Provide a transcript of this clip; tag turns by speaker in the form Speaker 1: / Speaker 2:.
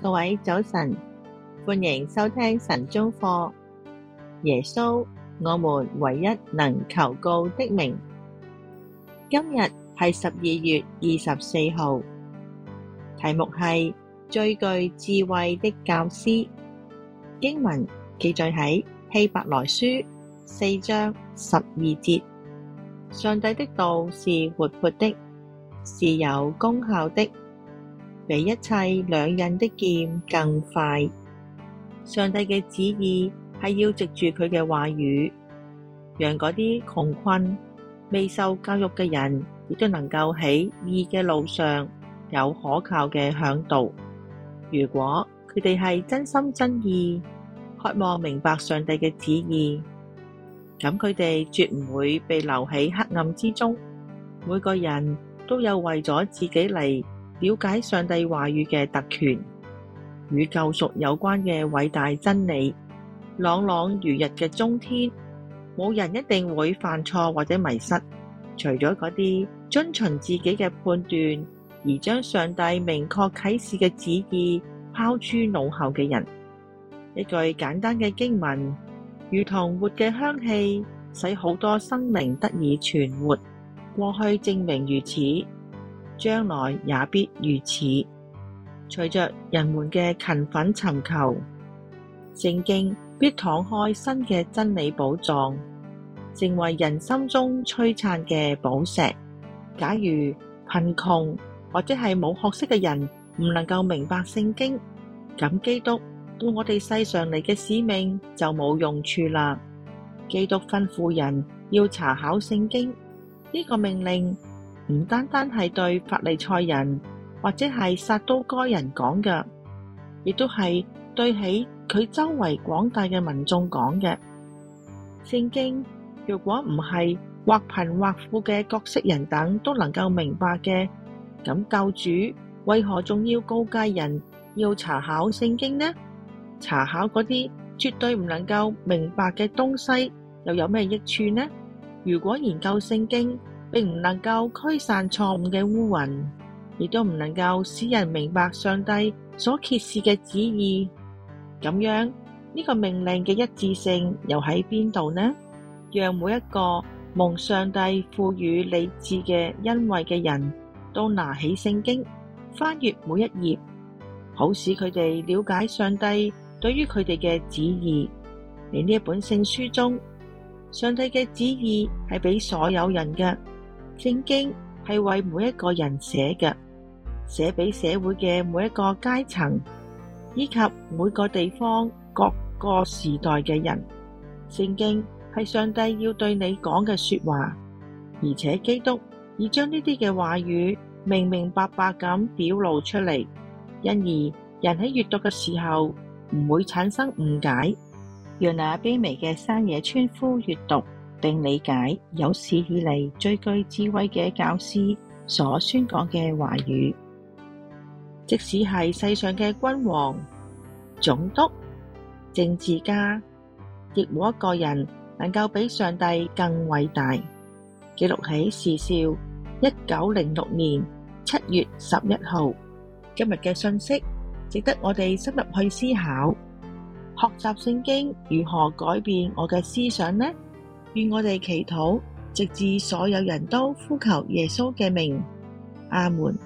Speaker 1: 各位早晨，歡迎收聽晨鐘課。耶穌，我們唯一能求告的名。今日係十二月二十四號，題目係最具智慧的教師。經文記載喺希伯來書四章十二節。上帝的道是活潑的，是有功效的。比一切兩刃的劍更快。上帝嘅旨意係要藉住佢嘅話語，讓嗰啲窮困、未受教育嘅人亦都能夠喺義嘅路上有可靠嘅嚮導。如果佢哋係真心真意，渴望明白上帝嘅旨意，咁佢哋絕唔會被留喺黑暗之中。每個人都有為咗自己嚟，了解上帝話語嘅特權，與救贖有關嘅偉大真理，朗朗如日嘅中天，冇人一定會犯錯或者迷失，除咗嗰啲遵循自己嘅判斷而將上帝明確啟示嘅旨意拋諸腦後嘅人。一句簡單嘅經文，如同活嘅香氣，使好多生命得以存活。過去證明如此。將來也必如此。隨着人們嘅勤奮尋求，聖經必敞開新嘅真理寶藏，成為人心中璀璨嘅寶石。假如貧窮或者係冇學識嘅人唔能夠明白聖經，咁基督到我哋世上嚟嘅使命就冇用處啦。基督吩咐人要查考聖經，呢個命令。唔單單係對法利賽人或者係撒都該人講嘅，亦都係對喺佢周圍廣大嘅民眾講嘅。聖經如果唔係或貧或富嘅各式人等都能夠明白嘅，咁救主為何仲要告誡人要查考聖經呢？查考嗰啲絕對唔能夠明白嘅東西，又有咩益處呢？如果研究聖經？並唔能夠驅散錯誤嘅烏雲，亦都唔能夠使人明白上帝所揭示嘅旨意。咁樣，呢個命令嘅一致性又喺邊度呢？讓每一個蒙上帝賦予理智嘅恩惠嘅人都拿起聖經，翻閱每一頁，好使佢哋了解上帝對於佢哋嘅旨意。喺呢一本聖書中，上帝嘅旨意係俾所有人嘅。聖經係為每一個人寫嘅，寫俾社會嘅每一個階層，以及每個地方、各個時代嘅人。聖經係上帝要對你講嘅說話，而且基督已將呢啲嘅話語明明白白咁表露出嚟，因而人喺閱讀嘅時候唔會產生誤解。讓那卑微嘅山野村夫閱讀並理解有史以嚟最具智慧嘅教師所宣講嘅話語，即使係世上嘅君王、總督、政治家，亦冇一個人能夠比上帝更偉大。記錄起時少，一九零六年七月十一號今日嘅信息，值得我哋深入去思考，學習聖經如何改變我嘅思想呢？願我哋祈禱，直至所有人都呼求耶穌嘅名。阿門。